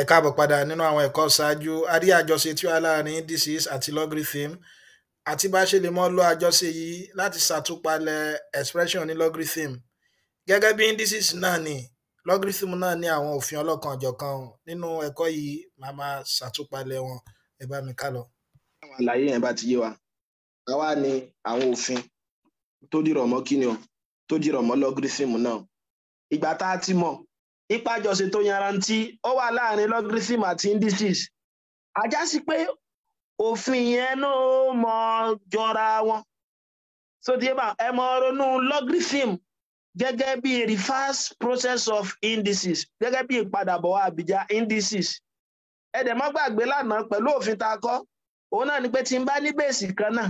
ẹ káàbọ̀ padà nínú àwọn ẹ̀kọ́ ṣáájú a rí àjọṣe tí ó wà láàrin disease àti logarithm àti bá a ṣe lè mọ́ lo àjọṣe yìí láti ṣàtúpalẹ̀ expression ní logarithm gẹ́gẹ́ bí indices náà ni logarithm náà ní àwọn òfin ọlọ́kan ọ̀jọ̀kan nínú ẹ̀kọ́ yìí màá máa ṣàtúpalẹ̀ wọn ẹ bá mi ká lọ. àwọn àlàyé yẹn bá ti yé wa àwa ni àwọn òfin tó dìrọ̀ mọ́ kíni o tó dìrọ̀ mọ́ logarithm náà ìgbà tá a ti mọ̀ ìpàjọsìn tó yanrantí ó wà láàrin logarithm àti indices ajá sí pé òfin yẹn náà mọ jọra wọn so tí ẹ mọ ronú logarithm gẹ́gẹ́ bí reverse process of indices gẹ́gẹ́ bí ìpadàbọ̀ àbíjà indices ẹ dẹ̀ má gbàgbé lánàá pẹ̀lú òfin tá a kọ́ òun náà ni pé tí n bá ní bèèsì kan náà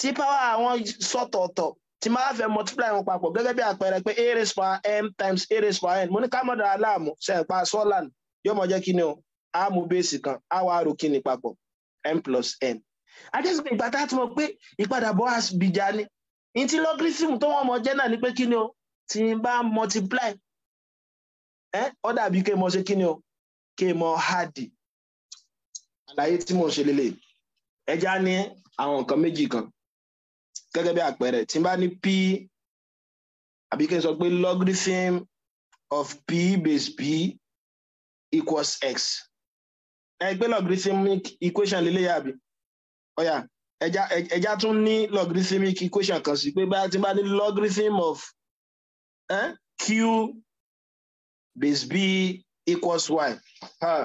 tí power àwọn sọ̀tọ̀ọ̀tọ̀ tí máa fẹ́ multiply wọn papọ̀ gẹ́gẹ́ bí àpẹẹrẹ pé a raised power m times a raised power n mo ní ká mọ̀dọ̀ aláàmú ṣẹ̀pá sọ́làn yóò mọ̀ jẹ́ kí ni o a mú bẹ́ẹ̀sì kan a wá rò kí ni papọ̀ m plus n. àjẹsí pé ìgbà tá a ti mọ̀ pé ìpadàbọ̀ àbíjà ni ní ti logarithm tó wọ́n mọ̀ jẹ́ náà ni pé kí ni o tí n bá multiply ẹ ọ dàbí kí n mọ ṣe kí ni o kí n mọ hádì àlàyé tí mo ṣe lélẹ̀ ẹja ní àwọn nǹkan méjì kan gẹ́gẹ́ bí àpẹẹrẹ tí n bá ní p àbí kí n sọ pé logarithm of p base p equals x ẹ gbé logarithmic equation lélẹ́yà àbí ọ̀yà ẹja ẹja tún ní logarithmic equation kan sí pé báyà tí n bá ní logarithm of eh, q base b equals y. Huh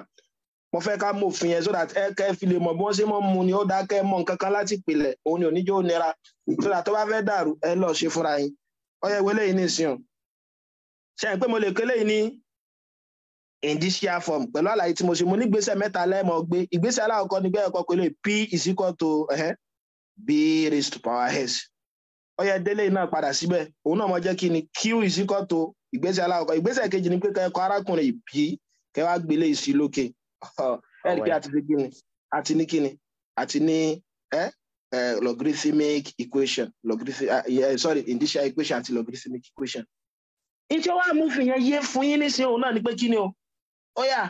mo fẹ́ ká mòfin yẹn so that ẹ kẹ́ fi lè mọ̀ bí wọ́n ṣe mọ̀ mu ni ó dákẹ́ mọ̀ nǹkan kan láti pìlẹ̀ òun ni oníjó nira so that tó bá fẹ́ dàrú ẹ lọ ṣe fúnra yín ọyẹ ìwé lẹ́yìn nìsín ṣe é pé mo lè kélé yìí ní indisia form pẹ̀lú àlàyé tí mo ṣe mo ní ìgbésẹ̀ mẹ́ta lẹ́ẹ̀mọ́ gbé ìgbésẹ̀ aláwọ̀kọ́ ni gbẹ́yẹ̀ kọ́ pẹ̀lú p is equal b raised to power s ọyẹ délé náà padà síbẹ̀ òun náà mo jẹ́ kí ni q is equal to ìgbésẹ̀ aláwọ̀kọ́ ìgbésẹ̀ kejì ni pé kẹ́kọ̀ọ́ arákùnrin yìí kẹwàá gbélé ìsí ẹ̀rí oh, oh, pé àti ní kíni àti ní kíni àti ní logarithmic equation logarithmic ah, sorry indicial equation àti logarithmic equation. ìṣe wa amúfin yẹn yé fún yín nísìnyí òun náà ni pé kíni o ó yá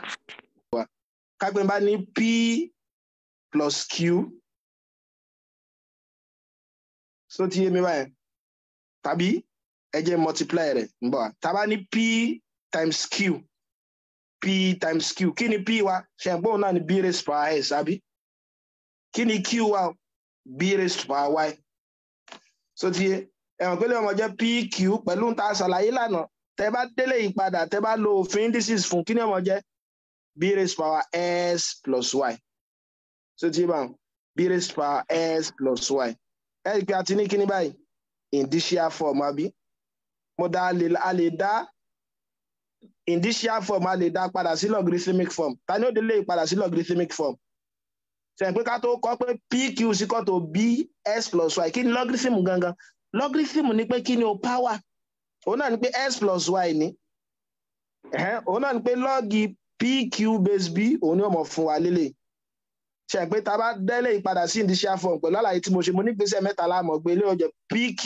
kápẹ́ bá ní p plus q so ti yé mi báyẹn tàbí ẹ jẹ́ multiply rẹ̀ ń bọ̀ tá a ní p times q p times q Kini p wa ṣẹ̀gbọ́n na ni b raised to power s abi. Kini q wa b raised to power y so ti yé ẹ̀wọ̀n pé lẹ́yìn ọmọ jẹ́ pq pẹ̀lú ń ta ṣàlàyé lánàá tẹ bá délé yìí padà tẹ lo òfin this fún kí ni ọmọ jẹ́ b raised to power s plus y so ti yé b raised to power s plus y E rí i pé a ti ní kí form abi. mo dá a lè dá indicial form a lè dá padà sí logarithmic form ta ni ó délé ìpadà sí logarithmic form sẹ̀ǹpé ká tó kọ́ pé pq sí kọ́ tó s plus y kí ni logarithm gangan logarithm ni pé kí ni o power òun náà ni pé s plus y ni òun náà ni pé lọ́ọ̀gì pq base b òun ni ó mọ̀ fún wa lélẹ̀ sẹ̀ǹpé tá a bá délé ìpadà sí indicial form pẹ̀lú àlàyé tí mo ṣe mo ní gbèsè mẹ́ta láàmọ̀ gbé ilé ọjọ́ pq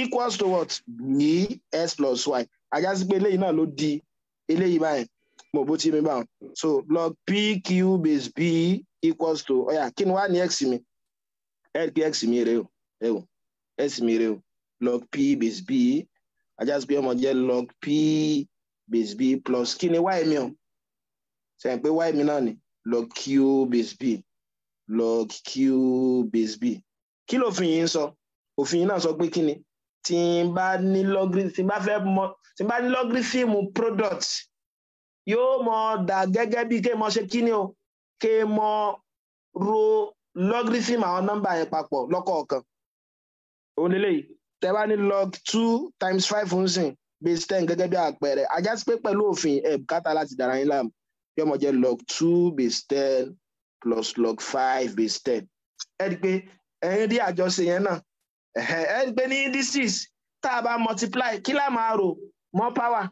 equals to what b s plus y ajá sí pé eléyìí náà ló di eléyìí báyìí mo bó ti mi bá so log p q base b equals to ọyà oh kí ni wàá ní x mi ẹ pé x mi rè o ẹ o x mi rè o log p base b ajá sí pé ọmọ jẹ log p base b plus kí ni y mi o sẹ́yìn pé y mi náà ni log q base b log q base b kí lófin yìí ń sọ òfin yìí náà sọ pé kí ni tí n bá ní lọ́gírí tí n bá fẹ́ mọ tí bá ní lọ́gírísìmù product yóò mọ dà gẹ́gẹ́ bí kéèmọ ṣe kíni o kéèmọ ro lọ́gírísìmù àwọn nọ́mbà yẹn papọ̀ lọ́kọ̀ọ̀kan òun lélẹ́yìí tẹ́ bá ní log two times five ń base ten gẹ́gẹ́ bí àpẹẹrẹ ajá sí pé pẹ̀lú òfin ẹ̀ bùkátà láti dára yín láàmú yóò mọ jẹ́ log two base ten plus log five base ten ẹ rí i pé ẹ ń rí àjọṣe yẹn náà ẹ gbé ní indices tá a bá multiply kí la máa rò mọ́ power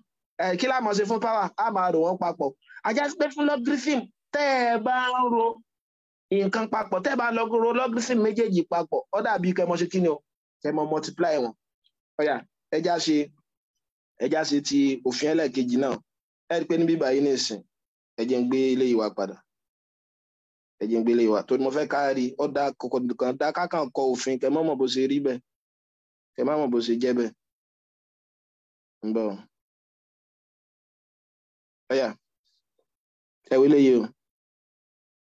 kí la máa ṣe fún power a máa rò wọ́n papọ̀ ajá pé fún logarithm tẹ́ ẹ bá ń ro nǹkan papọ̀ tẹ́ ẹ bá lọ ro logarithm méjèèjì papọ̀ ó dàbí kẹmọ ṣe kí ni o kẹmọ multiply wọn ó yá ẹja ṣe ẹja ṣe ti òfin ẹlẹ́ẹ̀kejì náà ẹ rí i pé níbí báyìí nìsín ẹ jẹ́ ń gbé ilé yìí padà ẹjẹ ń gbélé wa torí mo fẹ́ káàrí ọdà kọkàn dá kákàn kọ òfin kẹ mọ mọ bó ṣe rí bẹ kẹ má mọ bó ṣe jẹ bẹ ń bọ ẹyà ẹ wí léyìí o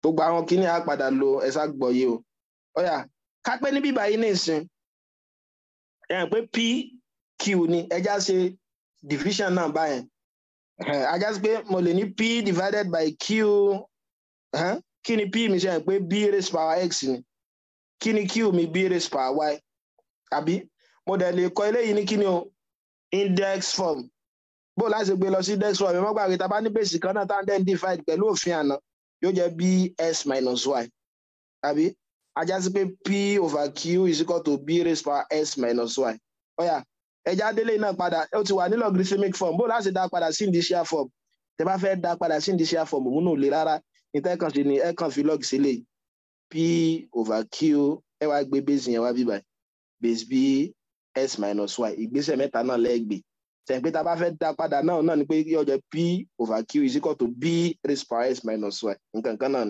gbogbo àwọn kíní á padà lo ẹsà gbọ yìí o ọyà kápẹ́ ní bíbá yìí nìsín ẹ hàn pé pq ni ẹja ṣe division náà báyẹn ajá sí pé mo lè ní p divided by q. Huh? kí ni p mi ṣe pé b raised power x ni kí ni q mi b raised power y àbí mo dẹ̀ lè kọ eléyìí ní kí ni o index form bó o láti gbé lọ sí index form ìmọ̀gbà rẹ̀ tá a bá ní bèsì kan náà tá a dẹ̀ ń divide pẹ̀lú òfin àná yóò jẹ́ bs minus y àbí ajá sí pé p over q is equal to b raised power s minus y ọ̀yà ẹja délé náà padà ó ti wà ní logarithmic form bó o láti dá padà sí indicial form tẹ bá fẹ́ dá padà sí indicial form òun náà ò le rárá ìtẹ́kàn ṣe ni ẹ kàn fi lọ́ọ̀gì sílẹ̀ p over q ẹ wá gbé base yẹn wá bí báyìí base b s minus y ìgbésẹ̀ mẹ́ta náà lẹ́gbẹ̀ẹ́ tẹ̀pẹ́ tá a bá fẹ́ dá padà náà náà ni pé yóò jẹ́ p over q is equal to b raised power s minus y nǹkan kan náà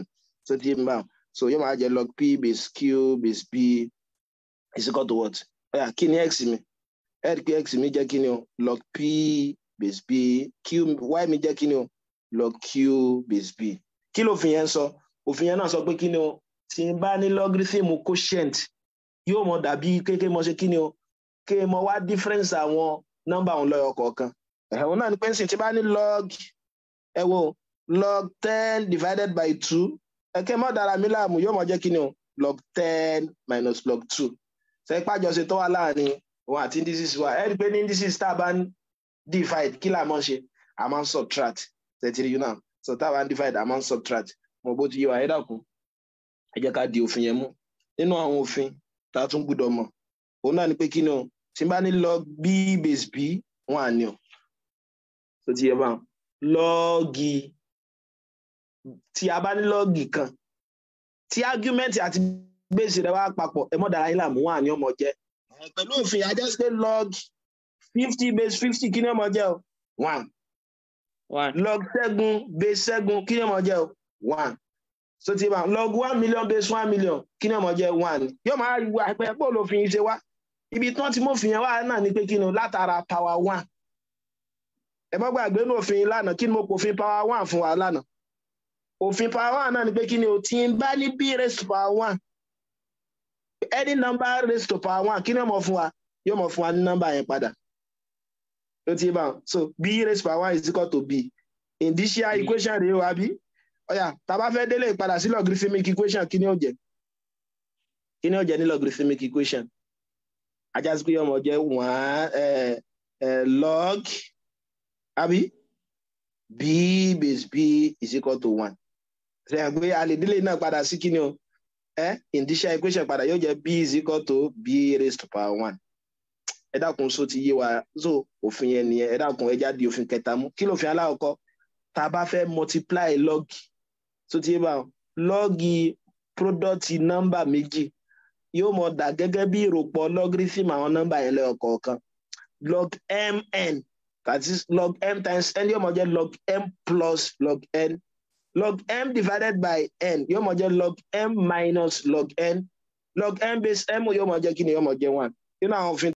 tó ti ń bá wọn so yóò máa jẹ log p base q base b is equal to what ọ̀yà kí ni x mi ẹ̀rí pé x mi jẹ́ kí ni o log p base b q y mi jẹ́ kí ni o log q base b kí lòfin yẹn sọ òfin yẹn náà sọ pé kí ni o tí n bá ní logarithm quotient yóò mọ dàbí kéèké mọ ṣe kí ni o ké mọ wá difference àwọn nọ́mbà òun lọ́yọ̀ kọ̀ọ̀kan ẹ̀hún náà ni pé nsìn tí bá ní log ẹ log ten divided by two ẹ̀kẹ́ mọ́ dára mi láàmú yóò mọ jẹ́ kí ni o log ten minus log two ṣe pàjọṣe tó wà láàrin òun àti indices wa ẹ rí i pé ní indices tá a bá ń divide kí là mọ́ ṣe a máa ń subtract tẹ̀tìrì yìí náà so táwa ń divide amount subtract mo bó ti yé wa ẹ dàkún ẹ jẹ́ ká di òfin yẹn mú nínú àwọn òfin tá a tún gbúdọ̀ mọ̀ òun ni pé kí o tí n bá log b base b wọn à ní o tó ti yẹ bá wọn lọ́ọ̀gì tí a bá ní lọ́ọ̀gì kan tí ágúmẹ́ǹtì àti gbèsè rẹ wá papọ̀ ẹ mọ́ dára yín làmú wọn à ní ọmọ jẹ́ pẹ̀lú òfin ajá sí pé lọ́ọ̀gì fifty base fifty kí ni ọmọ jẹ́ o one log ṣẹ́gun base ṣẹ́gun kí ni ó máa jẹ́ one so ti bá log one million base one million kí ni ó máa jẹ́ one yóò máa wá pẹ́ pọ́ lófin ṣe wá ibi tí wọ́n ti mú òfin yẹn wá náà ni pé kí ni látara power one ẹ má gbàgbé ní òfin lánàá kí ni mo pòfin power one fún wa lánàá òfin power one náà ni pé kí ni o ti ń bá ní b raised to power one any number raised to power one kí ni ó máa fún wa yóò máa fún wa ní nọ́mbà yẹn padà ló ti so b raised by one is equal to b indicia equation rèé o àbí ọ̀yà tá a bá fẹ́ délé ìpadà sí logarithmic equation kí ni ó jẹ́ kí ni ó jẹ́ ní logarithmic equation ajásí pé ọmọ jẹ́ one log Abi b base b is equal to one ṣe hàn pé a lè délé náà padà sí kí ni o indicia equation padà yóò jẹ́ b is equal to b raised by one ẹ dákun so ti yé wa so òfin yẹn nìyẹn ẹ dákun ẹ jáde òfin kẹta mú kí lófin aláwọ̀kọ́ tá a bá fẹ́ multiply lọ́ọ̀gì so ti yé báwọn lọ́ọ̀gì product nọ́mbà méjì yóò mọ̀ dà gẹ́gẹ́ bí ìròpọ̀ logarithm àwọn nọ́mbà yẹn lẹ́ọ̀kọ̀ọ̀kan log mn that is log m times n yóò mọ̀ jẹ́ log m plus log n log m divided by n yóò mọ̀ jẹ́ log m minus log n log m base m yóò mọ̀ jẹ́ kí ni yóò mọ̀ jẹ́ one nínú àwọn òfin.